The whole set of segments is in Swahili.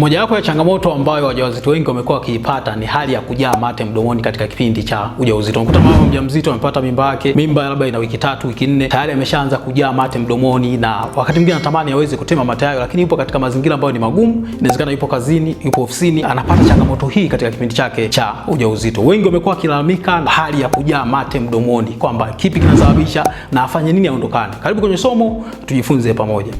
Mojawapo ya changamoto ambayo wajawazito wengi wamekuwa wakiipata ni hali ya kujaa mate mdomoni katika kipindi cha ujauzito. Unakuta mama mjamzito amepata mimba yake, mimba labda ina wiki tatu, wiki nne, tayari ameshaanza kujaa mate mdomoni, na wakati mwingine anatamani aweze kutema mate hayo, lakini yupo katika mazingira ambayo ni magumu. Inawezekana yupo kazini, yupo ofisini, anapata changamoto hii katika kipindi chake cha ujauzito. Wengi wamekuwa wakilalamika na hali ya kujaa mate mdomoni, kwamba kipi kinasababisha na afanye nini aondokane. Karibu kwenye somo tujifunze pamoja.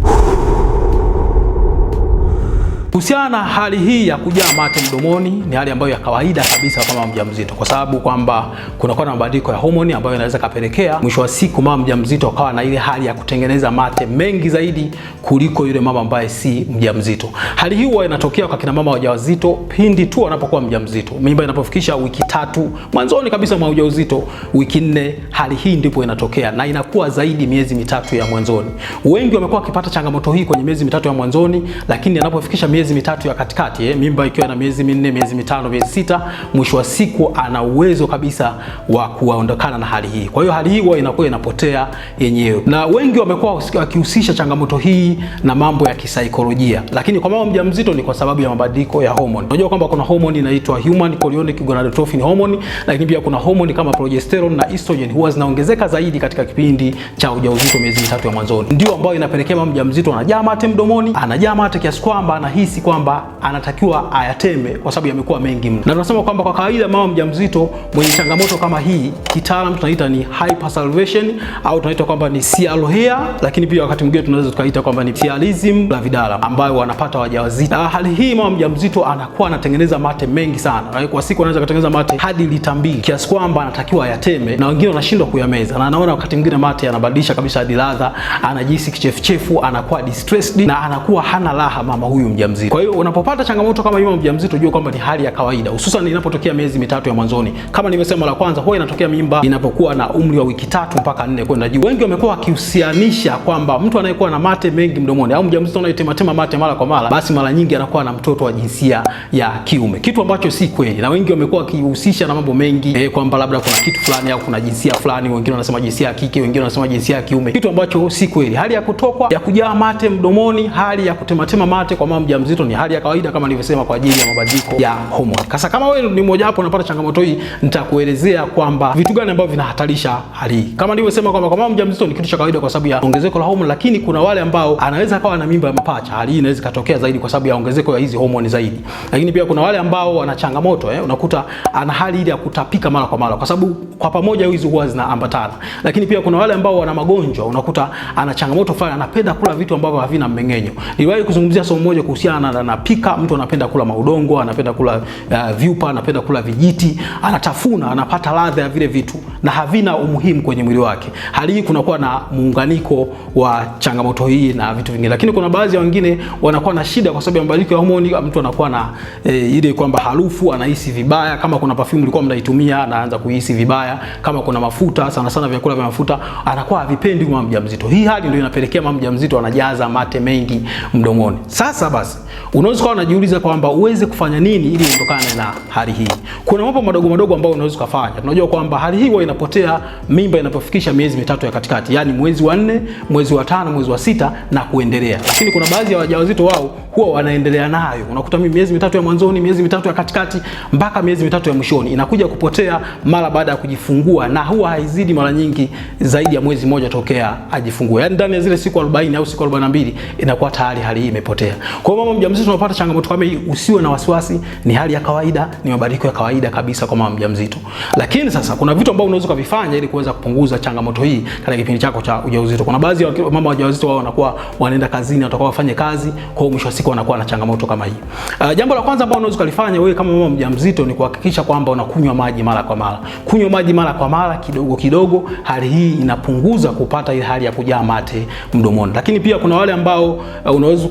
Kuhusiana na hali hii ya kujaa mate mdomoni, ni hali ambayo ya kawaida kabisa kwa mama mjamzito, kwa sababu kwamba kunakuwa na mabadiliko ya homoni ambayo inaweza kapelekea mwisho wa siku mama mjamzito akawa na ile hali ya kutengeneza mate mengi zaidi kuliko yule mama ambaye si mjamzito. Hali hii huwa inatokea kwa kina mama wajawazito pindi tu wanapokuwa mjamzito, mimba inapofikisha wiki tatu, mwanzoni kabisa mwa ujauzito, wiki nne, hali hii ndipo inatokea na inakuwa zaidi miezi mitatu ya mwanzoni. Wengi wamekuwa wakipata changamoto hii kwenye miezi mitatu ya mwanzoni, lakini anapofikisha miezi miezi mitatu ya katikati eh, mimba ikiwa na miezi minne, miezi mitano, miezi sita, mwisho wa siku ana uwezo kabisa wa kuondokana na hali hii. Kwa hiyo hali hii huwa inakuwa inapotea yenyewe, na wengi wamekuwa wakihusisha changamoto hii na mambo ya kisaikolojia, lakini kwa mama mjamzito ni kwa sababu ya mabadiliko ya homoni. Unajua kwamba kuna homoni inaitwa human chorionic gonadotrophin hormone, lakini pia kuna homoni kama progesterone na estrogen huwa zinaongezeka zaidi katika kipindi cha ujauzito, miezi mitatu ya mwanzoni, ndio ambayo inapelekea mama mjamzito anajaa mate mdomoni, anajaa mate kiasi kwamba anahisi anahisi kwamba anatakiwa ayateme kwa sababu yamekuwa mengi mno. Na tunasema kwamba kwa kawaida mama mjamzito mwenye changamoto kama hii kitaalam tunaita ni hypersalivation au tunaita kwamba ni sialohea, lakini pia wakati mwingine tunaweza tukaita kwamba ni sialism gravidarum ambayo wanapata wajawazito. Na hali hii mama mjamzito anakuwa anatengeneza mate mengi sana. Kwa siku anaweza kutengeneza mate hadi lita mbili kiasi kwamba anatakiwa ayateme na wengine wanashindwa kuyameza. Na anaona wakati mwingine mate yanabadilisha kabisa hadi ladha, anajihisi kichefuchefu, anakuwa distressed na anakuwa hana raha mama huyu mjamzito mjamzito. Kwa hiyo unapopata changamoto kama mimba mjamzito, jua kwamba ni hali ya kawaida, hususan inapotokea miezi mitatu ya mwanzoni. Kama nimesema, la kwanza huwa inatokea mimba inapokuwa na umri wa wiki tatu mpaka nne kwenda juu. Wengi wamekuwa wakihusianisha kwamba mtu anayekuwa na mate mengi mdomoni au mjamzito anayetematema mate mara kwa mara, basi mara nyingi anakuwa na mtoto wa jinsia ya kiume, kitu ambacho si kweli, na wengi wamekuwa wakihusisha na mambo mengi eh, kwamba labda kuna kitu fulani au kuna jinsia fulani, wengine wanasema jinsia ya kike, wengine wanasema jinsia ya kiume, kitu ambacho si kweli. Hali ya kutokwa ya kujaa mate mdomoni, hali ya kutematema mate kwa mama mjamzito mzito ni hali ya kawaida kama nilivyosema, kwa ajili ya mabadiliko ya homoni. Sasa kama wewe ni mmoja wapo unapata changamoto hii, nitakuelezea kwamba vitu gani ambavyo vinahatarisha hali hii. Kama nilivyosema kwamba kwa mama mjamzito ni kitu cha kawaida kwa sababu ya ongezeko la homoni, lakini kuna wale ambao anaweza akawa na mimba ya mapacha. Hali hii inaweza ikatokea zaidi kwa sababu ya ongezeko ya hizi homoni zaidi, lakini pia kuna wale ambao wana changamoto eh, unakuta ana hali ile ya kutapika mara kwa mara, kwa sababu kwa pamoja hizi huwa zinaambatana. Lakini pia kuna wale ambao wana magonjwa, unakuta ana changamoto fulani, anapenda kula vitu ambavyo havina mmeng'enyo. Niliwahi kuzungumzia somo moja kuhusiana sana na anapika. Mtu anapenda kula maudongo, anapenda kula uh, vyupa, anapenda kula vijiti, anatafuna, anapata ladha ya vile vitu na havina umuhimu kwenye mwili wake. Hali hii kunakuwa na muunganiko wa changamoto hii na vitu vingine, lakini kuna baadhi ya wengine wanakuwa na shida kwa sababu ya mabadiliko ya homoni. Mtu anakuwa na e, ile kwamba harufu anahisi vibaya, kama kuna perfume ulikuwa mnaitumia anaanza kuhisi vibaya, kama kuna mafuta, sana sana vyakula vya mafuta, anakuwa havipendi kwa mjamzito. Hii hali ndio inapelekea mama mjamzito anajaza mate mengi mdomoni. Sasa basi Unaweza kuwa unajiuliza kwamba uweze kufanya nini ili uondokane na hali hii. Kuna mambo madogo madogo ambayo unaweza kufanya. Tunajua kwamba hali hii huwa inapotea mimba inapofikisha miezi mitatu ya katikati, yani mwezi wa nne, mwezi wa tano, mwezi wa sita na kuendelea. Lakini kuna baadhi ya wajawazito wao huwa wanaendelea nayo. Unakuta mimi miezi mitatu ya mwanzoni, miezi mitatu ya katikati mpaka miezi mitatu ya mwishoni inakuja kupotea mara baada ya kujifungua na huwa haizidi mara nyingi zaidi ya mwezi mmoja tokea ajifungue. Yaani ndani ya zile siku 40 au siku 42 inakuwa tayari hali hii imepotea. Kwa hiyo mama mjamzito unapata changamoto kama hii, usiwe na wasiwasi, ni hali ya kawaida, ni mabadiliko ya kawaida kabisa kwa mama mjamzito. Lakini sasa kuna vitu ambavyo unaweza kuvifanya ili kuweza kupunguza changamoto hii katika kipindi chako cha ujauzito. Kuna baadhi ya mama wajawazito wao wanakuwa wanaenda kazini, watakuwa wafanye kazi, kwa hiyo mwisho wa siku wanakuwa na changamoto kama hii. Uh, jambo la kwanza ambalo unaweza kulifanya wewe kama mama mjamzito ni kuhakikisha kwamba unakunywa maji mara kwa mara. Kunywa maji mara kwa mara kidogo kidogo, hali hii inapunguza kupata ile hali ya kujaa mate mdomoni. Lakini pia kuna wale ambao uh, unaweza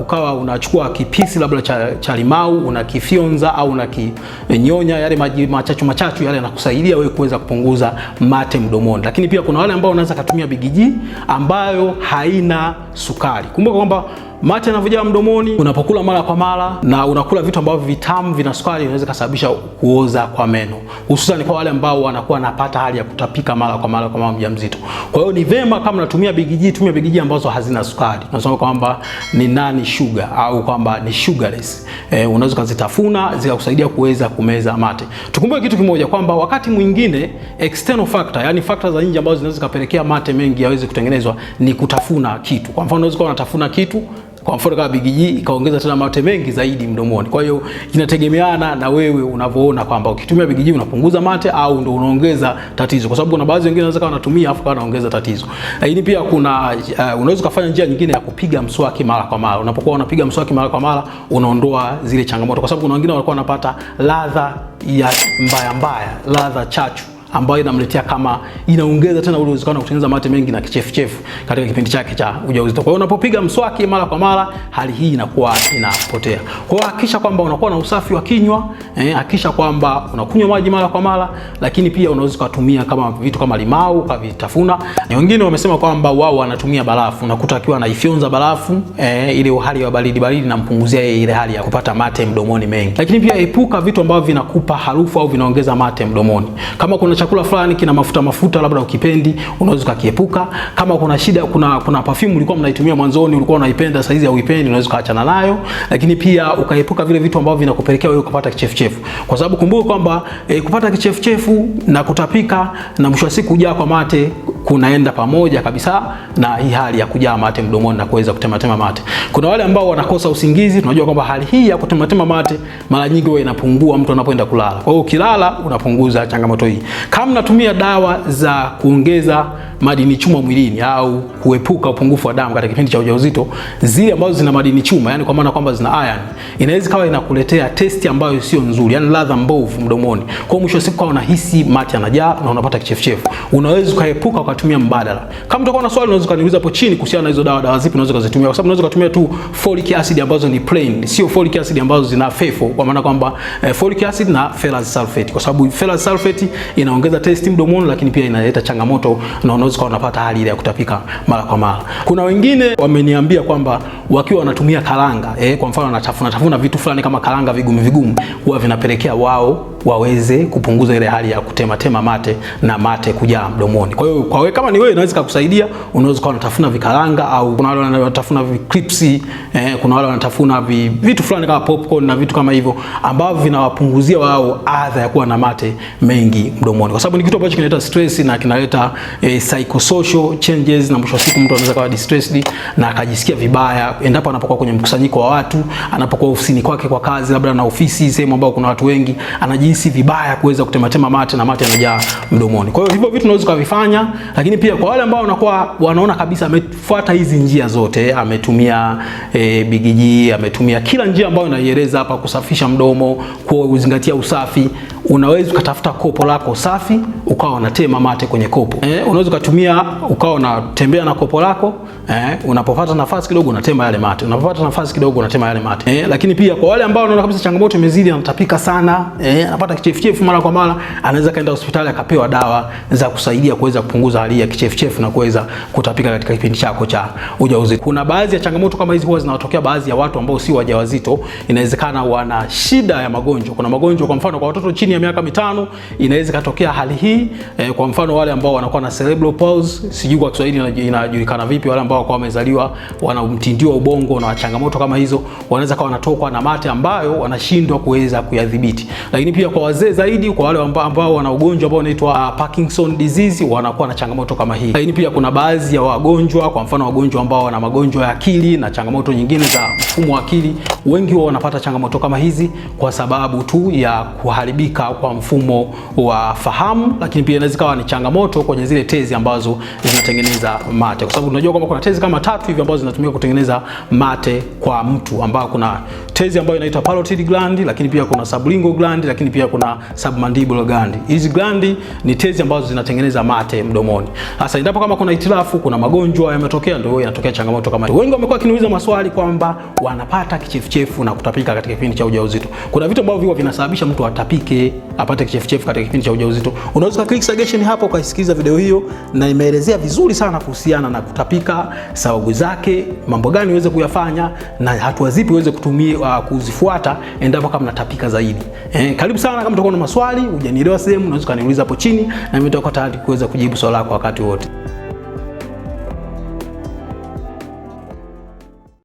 ukawa unachukua unachukua kipisi labda cha, cha limau unakifyonza au unakinyonya, yale maji machachu machachu yale yanakusaidia wewe kuweza kupunguza mate mdomoni. Lakini pia kuna wale ambao unaweza kutumia bigijii ambayo haina sukari. Kumbuka kwamba mate yanavyojaa mdomoni unapokula mara kwa mara, na unakula vitu ambavyo vitamu vina sukari, inaweza kusababisha kuoza kwa meno, hususan kwa wale ambao wanakuwa wanapata hali ya kutapika mara kwa mara kwa mama mjamzito. Kwa hiyo ni vema kama unatumia bigiji, tumia bigiji ambazo hazina sukari, tunasema kwamba ni nani sugar au kwamba ni sugarless. E, unaweza kuzitafuna zikakusaidia kuweza kumeza mate. Tukumbuke kitu kimoja kwamba wakati mwingine external factor, yani factor za nje ambazo zinaweza kupelekea mate mengi yaweze kutengenezwa ni kutafuna kitu. Kwa mfano unaweza kuwa unatafuna kitu kwa mfano kama Big G kaongeza tena mate mengi zaidi mdomoni. Kwa hiyo inategemeana na wewe unavyoona kwamba ukitumia Big G unapunguza mate au ndo unaongeza tatizo, kwa sababu kuna baadhi wengine wanaweza kawa wanatumia afu kawa wanaongeza tatizo. Lakini pia kuna uh, unaweza kufanya njia nyingine ya kupiga mswaki mara kwa mara. Unapokuwa unapiga mswaki mara kwa mara, unaondoa zile changamoto, kwa sababu kuna wengine walikuwa wanapata ladha ya mbaya mbaya, ladha chachu ambayo inamletea kama inaongeza tena ule uwezekano wa kutengeneza mate mengi na kichefuchefu katika kipindi chake cha ujauzito. Kwa hiyo unapopiga mswaki mara kwa mara, hali hii inakuwa inapotea. Kwa hiyo hakikisha kwamba unakuwa na usafi wa kinywa, eh, hakikisha kwamba unakunywa maji mara kwa mara, lakini pia unaweza kutumia kama vitu kama limau ukavitafuna. Wengine wamesema kwamba wao wanatumia barafu, unakuta akiwa anaifyonza barafu eh, ile hali ya baridi baridi nampunguzia yeye ile hali ya kupata mate mdomoni mengi. Lakini pia epuka vitu ambavyo vinakupa harufu au vinaongeza mate mdomoni. Kama kuna chakula fulani kina mafuta mafuta, labda ukipendi, unaweza ukakiepuka. Kama kuna shida, kuna kuna perfume ulikuwa mnaitumia mwanzoni, ulikuwa unaipenda, saizi hauipendi, unaweza ukaachana nayo, lakini pia ukaepuka vile vitu ambavyo vinakupelekea wewe kupata kichefuchefu, kwa sababu kumbuka kwamba e, kupata kichefuchefu na kutapika na mwisho wa siku kujaa kwa mate kunaenda pamoja kabisa na hii hali ya kujaa mate mdomoni na kuweza kutematema mate. Kuna wale ambao wanakosa usingizi, tunajua kwamba hali hii ya kutematema mate mara nyingi huwa inapungua mtu anapoenda kulala. Kwa hiyo ukilala unapunguza changamoto hii. Kama natumia dawa za kuongeza madini chuma mwilini au kuepuka upungufu wa damu katika kipindi cha ujauzito, zile ambazo zina madini chuma, yani kwa maana kwamba zina iron, inaweza kawa inakuletea testi ambayo sio nzuri, yani ladha mbovu mdomoni. Kwa hiyo mwisho siku kwa unahisi mate yanajaa na unapata kichefuchefu. Unaweza ukaepuka ukatumia mbadala. Kama utakuwa na swali, unaweza kuniuliza hapo chini kuhusiana na hizo dawa, dawa zipi unaweza kuzitumia, kwa sababu unaweza kutumia tu folic acid ambazo ni plain, sio folic acid ambazo zina fefo, kwa maana kwamba eh, folic acid na ferrous sulfate, kwa sababu ferrous sulfate inaongeza taste mdomoni, lakini pia inaleta changamoto na unaweza kuwa unapata hali ile ya kutapika mara kwa mara. Kuna wengine wameniambia kwamba wakiwa wanatumia karanga eh, kwa mfano wanatafuna tafuna vitu fulani kama karanga vigumu vigumu, huwa vinapelekea wao waweze kupunguza ile hali ya kutema tema mate na mate kujaa mdomoni. Kwa hiyo kwa wewe kama ni wewe inaweza kukusaidia, unaweza kuwa unatafuna vikaranga au kuna wale wanatafuna vikipsi eh, kuna wale wanatafuna vi, vitu fulani kama popcorn na vitu kama hivyo ambavyo vinawapunguzia wao adha ya kuwa na mate mengi mdomoni. Kwa sababu ni kitu ambacho kinaleta stress na kinaleta eh, psychosocial changes na mwisho wa siku mtu anaweza kuwa distressed na akajisikia vibaya endapo anapokuwa kwenye mkusanyiko wa watu, anapokuwa ofisini kwake kwa kazi, labda na ofisi sehemu ambayo kuna watu wengi anaji anahisi vibaya kuweza kutematema mate na mate yanajaa mdomoni. Kwa hiyo hivyo vitu unaweza kuvifanya, lakini pia kwa wale ambao wanakuwa wanaona kabisa amefuata hizi njia zote, ametumia e, bigiji, ametumia kila njia ambayo naieleza hapa, kusafisha mdomo, kuzingatia usafi unaweza ukatafuta kopo lako safi ukawa unatema mate kwenye kopo eh, unaweza ukatumia ukawa unatembea na kopo lako eh, unapopata nafasi kidogo unatema yale mate, unapopata nafasi kidogo unatema yale mate eh, lakini pia kwa wale ambao wanaona kabisa changamoto imezidi, anatapika sana eh, anapata kichefuchefu mara kwa mara, anaweza kaenda hospitali akapewa dawa za kusaidia kuweza kupunguza hali ya kichefuchefu na kuweza kutapika katika kipindi chako cha ujauzito. Kuna baadhi ya changamoto kama hizi huwa zinatokea baadhi ya watu ambao si wajawazito, inawezekana wana shida ya magonjwa. Kuna magonjwa kwa mfano kwa watoto chini ya miaka mitano inaweza ikatokea hali hii e, kwa mfano wale ambao wanakuwa na cerebral palsy, sijui kwa Kiswahili inajulikana vipi, wale ambao kwa wamezaliwa wana mtindio wa ubongo na changamoto kama hizo, wanaweza kawa wanatokwa na mate ambayo wanashindwa kuweza kuyadhibiti. Lakini pia kwa wazee zaidi, kwa wale ambao, ambao wana ugonjwa ambao unaitwa ah, Parkinson disease, wanakuwa na changamoto kama hii. Lakini pia kuna baadhi ya wagonjwa, kwa mfano wagonjwa ambao wana magonjwa ya akili na changamoto nyingine za mfumo wa akili, wengi wao wanapata changamoto kama hizi kwa sababu tu ya kuharibika kwa mfumo wa fahamu, lakini pia inaweza kawa ni changamoto kwenye zile tezi ambazo zinatengeneza mate, kwa sababu unajua kwamba kuna tezi kama tatu hivi ambazo zinatumika kutengeneza mate kwa mtu, ambao kuna tezi ambayo inaitwa parotid gland, lakini pia kuna sublingual gland, lakini pia kuna submandibular gland. Hizi gland ni tezi ambazo zinatengeneza mate mdomoni. Sasa endapo kama kuna itilafu, kuna magonjwa yametokea, ndio inatokea changamoto kama hiyo. Wengi wamekuwa kiniuliza maswali kwamba wanapata kichefuchefu na kutapika katika kipindi cha ujauzito. Kuna vitu ambavyo vinasababisha mtu atapike apate kichefuchefu katika kipindi cha ujauzito. Unaweza click suggestion hapo ukasikiliza video hiyo, na imeelezea vizuri sana kuhusiana na kutapika, sababu zake, mambo gani uweze kuyafanya na hatua zipi uweze kutumia uh, kuzifuata endapo kama natapika zaidi. Eh, karibu sana. Kama utakuwa na maswali hujanielewa sehemu, unaweza kaniuliza hapo chini, na mimi nitakuwa tayari kuweza kujibu swali lako wakati wote.